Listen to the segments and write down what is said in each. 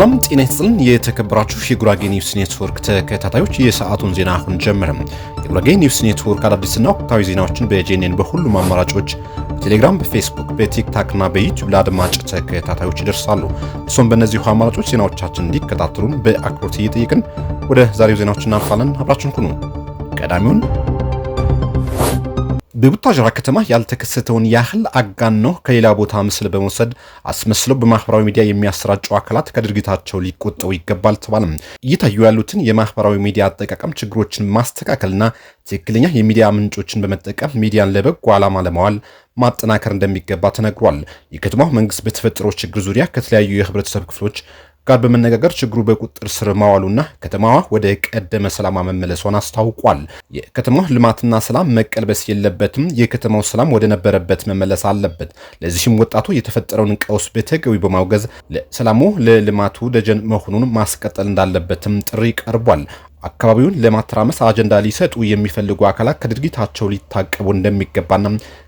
ሰላም ጤና ይስጥልን። የተከበራችሁ የጉራጌ ኒውስ ኔትወርክ ተከታታዮች የሰዓቱን ዜና አሁን ጀምርም። የጉራጌ ኒውስ ኔትወርክ አዳዲስና ወቅታዊ ዜናዎችን በጄኔን በሁሉም አማራጮች በቴሌግራም፣ በፌስቡክ፣ እና በዩቲዩብ ለአድማጭ ተከታታዮች ይደርሳሉ። እሱም በእነዚሁ አማራጮች ዜናዎቻችን እንዲከታተሉን በአክብሮት እየጠየቅን ወደ ዛሬው ዜናዎች እናልፋለን። አብራችን ሁኑ። ቀዳሚውን በቡታጅራ ከተማ ያልተከሰተውን ያህል ነው ከሌላ ቦታ ምስል በመውሰድ አስመስለው በማህበራዊ ሚዲያ የሚያሰራጩ አካላት ከድርጊታቸው ሊቆጠቡ ይገባል ተባለም። እየታዩ ያሉትን የማህበራዊ ሚዲያ አጠቃቀም ችግሮችን ማስተካከልና ትክክለኛ የሚዲያ ምንጮችን በመጠቀም ሚዲያን ለበጎ ዓላማ ለማዋል ማጠናከር እንደሚገባ ተነግሯል። የከተማው መንግስት በተፈጠረው ችግር ዙሪያ ከተለያዩ የህብረተሰብ ክፍሎች ጋር በመነጋገር ችግሩ በቁጥጥር ስር ማዋሉና ከተማዋ ወደ ቀደመ ሰላማ መመለሷን አስታውቋል። የከተማ ልማትና ሰላም መቀልበስ የለበትም። የከተማው ሰላም ወደ ነበረበት መመለስ አለበት። ለዚህም ወጣቱ የተፈጠረውን ቀውስ በተገቢ በማውገዝ ለሰላሙ ለልማቱ ደጀን መሆኑን ማስቀጠል እንዳለበትም ጥሪ ቀርቧል። አካባቢውን ለማተራመስ አጀንዳ ሊሰጡ የሚፈልጉ አካላት ከድርጊታቸው ሊታቀቡ እንደሚገባና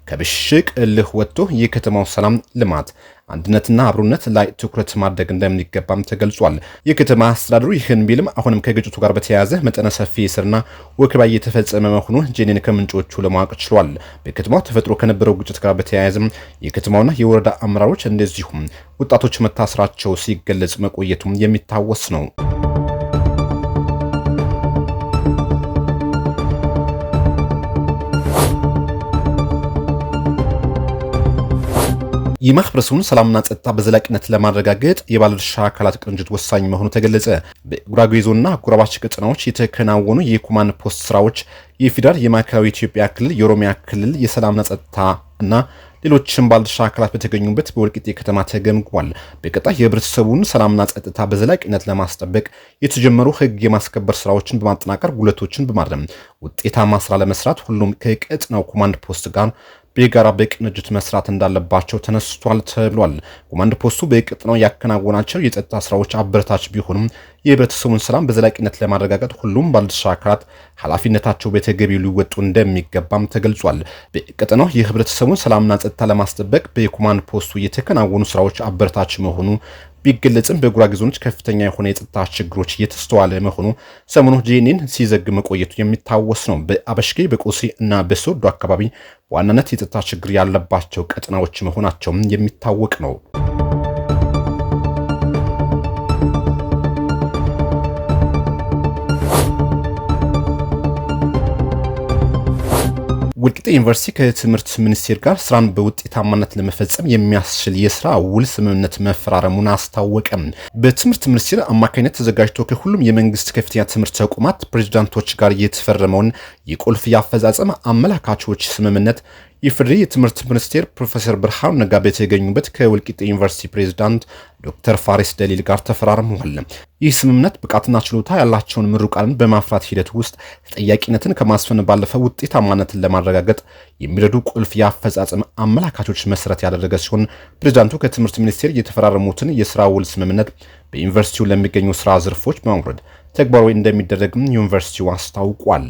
ከብሽቅ እልህ ወጥቶ የከተማው ሰላም፣ ልማት፣ አንድነትና አብሮነት ላይ ትኩረት ማድረግ እንደሚገባም ተገልጿል። የከተማ አስተዳደሩ ይህን ቢልም አሁንም ከግጭቱ ጋር በተያያዘ መጠነ ሰፊ እስርና ወከባ እየተፈጸመ መሆኑን ጄኔን ከምንጮቹ ለማወቅ ችሏል። በከተማው ተፈጥሮ ከነበረው ግጭት ጋር በተያያዘም የከተማውና የወረዳ አመራሮች እንደዚሁም ወጣቶች መታሰራቸው ሲገለጽ መቆየቱም የሚታወስ ነው። የማህበረሰቡን ሰላምና ጸጥታ በዘላቂነት ለማረጋገጥ የባለድርሻ አካላት ቅንጅት ወሳኝ መሆኑ ተገለጸ። በጉራጌ ዞንና አጎራባች ቀጠናዎች የተከናወኑ የኮማንድ ፖስት ስራዎች የፌዴራል የማዕከላዊ ኢትዮጵያ ክልል፣ የኦሮሚያ ክልል የሰላምና ጸጥታ እና ሌሎችም ባለድርሻ አካላት በተገኙበት በወልቂጤ ከተማ ተገምግሟል። በቀጣይ የህብረተሰቡን ሰላምና ጸጥታ በዘላቂነት ለማስጠበቅ የተጀመሩ ህግ የማስከበር ስራዎችን በማጠናቀር ጉለቶችን በማረም ውጤታማ ስራ ለመስራት ሁሉም ከቀጥናው ኮማንድ ፖስት ጋር ቤጋራ በቅንጅት መስራት እንዳለባቸው ተነስቷል ተብሏል። ኮማንድ ፖስቱ በቀጠናው ያከናወናቸው የጸጥታ ስራዎች አበረታች ቢሆንም የህብረተሰቡን ሰላም በዘላቂነት ለማረጋገጥ ሁሉም ባለድርሻ አካላት ኃላፊነታቸው በተገቢው ሊወጡ እንደሚገባም ተገልጿል። በቀጠናው የህብረተሰቡን ሰላምና ጸጥታ ለማስጠበቅ በኮማንድ ፖስቱ የተከናወኑ ስራዎች አበረታች መሆኑ ቢገለጽም በጉራጌ ዞኖች ከፍተኛ የሆነ የጸጥታ ችግሮች እየተስተዋለ መሆኑ ሰሞኑ ጄኔን ሲዘግ መቆየቱ የሚታወስ ነው። በአበሽጌ በቆሲ እና በሶዶ አካባቢ በዋናነት የጸጥታ ችግር ያለባቸው ቀጠናዎች መሆናቸውም የሚታወቅ ነው። በእርግጥ ዩኒቨርሲቲ ከትምህርት ሚኒስቴር ጋር ስራን በውጤታማነት ለመፈጸም የሚያስችል የስራ ውል ስምምነት መፈራረሙን አስታወቀም። በትምህርት ሚኒስቴር አማካኝነት ተዘጋጅቶ ከሁሉም የመንግስት ከፍተኛ ትምህርት ተቋማት ፕሬዚዳንቶች ጋር የተፈረመውን የቁልፍ የአፈጻጸም አመላካቾች ስምምነት የኢፌዴሪ የትምህርት ሚኒስቴር ፕሮፌሰር ብርሃኑ ነጋ በተገኙበት ከወልቂጤ ዩኒቨርሲቲ ፕሬዝዳንት ዶክተር ፋሪስ ደሊል ጋር ተፈራርመዋል። ይህ ስምምነት ብቃትና ችሎታ ያላቸውን ምሩቃንን በማፍራት ሂደት ውስጥ ተጠያቂነትን ከማስፈን ባለፈ ውጤታማነትን ለማረጋገጥ የሚረዱ ቁልፍ የአፈጻጸም አመላካቾች መሰረት ያደረገ ሲሆን ፕሬዝዳንቱ ከትምህርት ሚኒስቴር የተፈራረሙትን የስራ ውል ስምምነት በዩኒቨርሲቲው ለሚገኙ ስራ ዘርፎች በማውረድ ተግባራዊ እንደሚደረግም ዩኒቨርሲቲው አስታውቋል።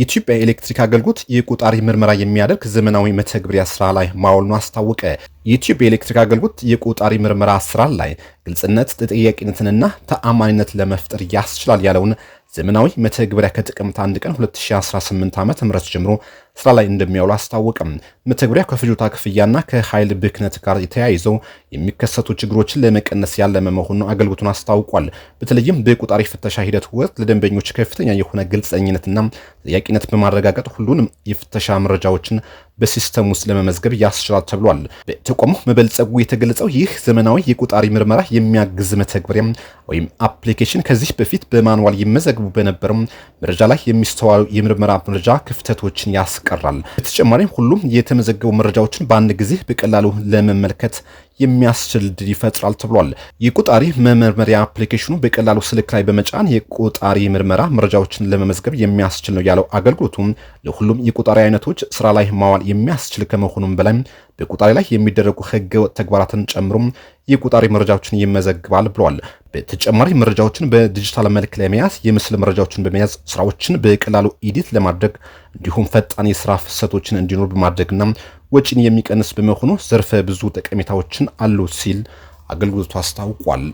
የኢትዮጵያ ኤሌክትሪክ አገልግሎት የቆጣሪ ምርመራ የሚያደርግ ዘመናዊ መተግበሪያ ስራ ላይ ማዋሉን አስታወቀ። የኢትዮጵያ ኤሌክትሪክ አገልግሎት የቆጣሪ ምርመራ ስራ ላይ ግልጽነት፣ ተጠያቂነትንና ተአማኒነት ለመፍጠር ያስችላል ያለውን ዘመናዊ መተግበሪያ ከጥቅምት 1 ቀን 2018 ዓ.ም ጀምሮ ስራ ላይ እንደሚያውሉ አስታወቀም። መተግበሪያው ከፍጆታ ክፍያና ከኃይል ብክነት ጋር ተያይዘው የሚከሰቱ ችግሮችን ለመቀነስ ያለመ መሆኑን አገልግሎቱን አስታውቋል። በተለይም በቆጣሪ ፍተሻ ሂደት ወቅት ለደንበኞች ከፍተኛ የሆነ ግልጸኝነትና ጥያቄነት በማረጋገጥ ሁሉንም የፍተሻ መረጃዎችን በሲስተም ውስጥ ለመመዝገብ ያስችላል ተብሏል። በተቋሙ መበልጸጉ የተገለጸው ይህ ዘመናዊ የቆጣሪ ምርመራ የሚያግዝ መተግበሪያ ወይም አፕሊኬሽን ከዚህ በፊት በማንዋል ይመዘግቡ በነበረው መረጃ ላይ የሚስተዋሉ የምርመራ መረጃ ክፍተቶችን ያስቀራል። በተጨማሪም ሁሉም የተመዘገቡ መረጃዎችን በአንድ ጊዜ በቀላሉ ለመመልከት የሚያስችል ድል ይፈጥራል ተብሏል። የቆጣሪ መመርመሪያ አፕሊኬሽኑ በቀላሉ ስልክ ላይ በመጫን የቆጣሪ ምርመራ መረጃዎችን ለመመዝገብ የሚያስችል ነው ያለው አገልግሎቱ ለሁሉም የቆጣሪ አይነቶች ስራ ላይ ማዋል የሚያስችል ከመሆኑም በላይ በቆጣሪ ላይ የሚደረጉ ህገወጥ ተግባራትን ጨምሮም የቆጣሪ መረጃዎችን ይመዘግባል ብሏል። በተጨማሪ መረጃዎችን በዲጂታል መልክ ለመያዝ የምስል መረጃዎችን በመያዝ ስራዎችን በቀላሉ ኤዲት ለማድረግ እንዲሁም ፈጣን የስራ ፍሰቶችን እንዲኖር በማድረግና ወጪን የሚቀንስ በመሆኑ ዘርፈ ብዙ ጠቀሜታዎችን አሉ ሲል አገልግሎቱ አስታውቋል።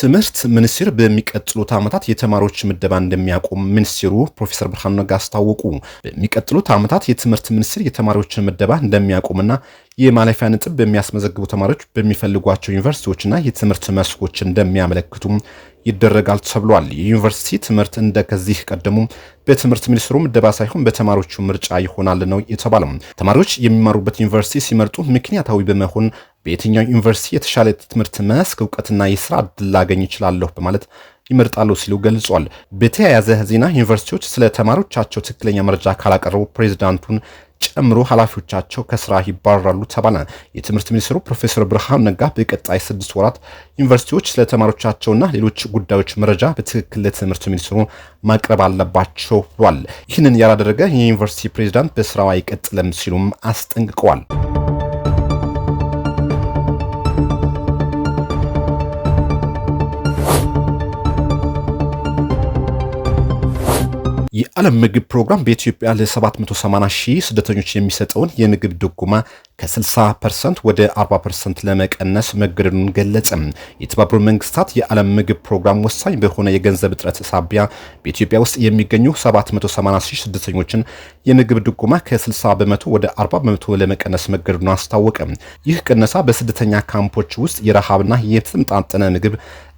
ትምህርት ሚኒስቴር በሚቀጥሉት ዓመታት የተማሪዎች ምደባ እንደሚያቆም ሚኒስቴሩ ፕሮፌሰር ብርሃኑ ነጋ አስታወቁ። በሚቀጥሉት ዓመታት የትምህርት ሚኒስቴር የተማሪዎችን ምደባ እንደሚያቆምና የማለፊያ ነጥብ በሚያስመዘግቡ ተማሪዎች በሚፈልጓቸው ዩኒቨርሲቲዎችና የትምህርት መስኮች እንደሚያመለክቱም ይደረጋል ተብሏል። የዩኒቨርሲቲ ትምህርት ከዚህ ቀደሙ በትምህርት ሚኒስትሩ ምደባ ሳይሆን በተማሪዎቹ ምርጫ ይሆናል ነው የተባለው። ተማሪዎች የሚማሩበት ዩኒቨርሲቲ ሲመርጡ ምክንያታዊ በመሆን በየትኛው ዩኒቨርሲቲ የተሻለ ትምህርት መስክ እውቀትና የስራ እድል ላገኝ ይችላለሁ በማለት ይመርጣሉ ሲሉ ገልጿል። በተያያዘ ዜና ዩኒቨርሲቲዎች ስለ ተማሪዎቻቸው ትክክለኛ መረጃ ካላቀረቡ ፕሬዚዳንቱን ጨምሮ ኃላፊዎቻቸው ከስራ ይባረራሉ ተባለ። የትምህርት ሚኒስትሩ ፕሮፌሰር ብርሃኑ ነጋ በቀጣይ ስድስት ወራት ዩኒቨርሲቲዎች ስለ ተማሪዎቻቸውና ሌሎች ጉዳዮች መረጃ በትክክል ለትምህርት ሚኒስትሩ ማቅረብ አለባቸው ብሏል። ይህንን ያላደረገ የዩኒቨርሲቲ ፕሬዚዳንት በስራው አይቀጥልም ሲሉም አስጠንቅቀዋል። የዓለም ምግብ ፕሮግራም በኢትዮጵያ ለ780 ሺህ ስደተኞች የሚሰጠውን የምግብ ድጎማ ከ60 ፐርሰንት ወደ 40 ፐርሰንት ለመቀነስ መገደዱን ገለጸ። የተባበሩት መንግስታት የዓለም ምግብ ፕሮግራም ወሳኝ በሆነ የገንዘብ እጥረት ሳቢያ በኢትዮጵያ ውስጥ የሚገኙ 780 ስደተኞችን የምግብ ድጎማ ከ60 በመቶ ወደ 40 በመቶ ለመቀነስ መገደዱን አስታወቀ። ይህ ቅነሳ በስደተኛ ካምፖች ውስጥ የረሃብና የተመጣጠነ ምግብ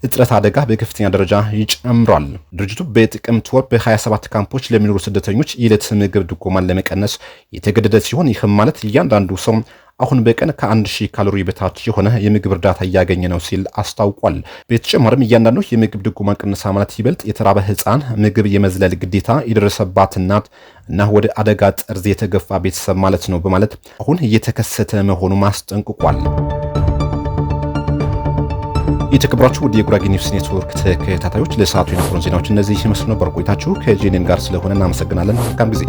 እጥረት አደጋ በከፍተኛ ደረጃ ይጨምሯል። ድርጅቱ በጥቅምት ወር በ27 ካምፖች ለሚኖሩ ስደተኞች የዕለት ምግብ ድጎማን ለመቀነስ የተገደደ ሲሆን ይህም ማለት እያንዳንዱ ሰው አሁን በቀን ከ1000 ካሎሪ በታች የሆነ የምግብ እርዳታ እያገኘ ነው ሲል አስታውቋል። በተጨማሪም እያንዳንዱ የምግብ ድጎማ ቅነሳ ማለት ይበልጥ የተራበ ሕፃን ምግብ የመዝለል ግዴታ የደረሰባት እናት እና ወደ አደጋ ጠርዝ የተገፋ ቤተሰብ ማለት ነው በማለት አሁን እየተከሰተ መሆኑ አስጠንቅቋል። የተከብራችሁ ወደ የጉራጌ ኒውስ ኔትወርክ ተከታታዮች ለሰዓቱ የነበሩን ዜናዎች እነዚህ ይመስሉ ነበር። ቆይታችሁ ከጄኔን ጋር ስለሆነ እናመሰግናለን። መልካም ጊዜ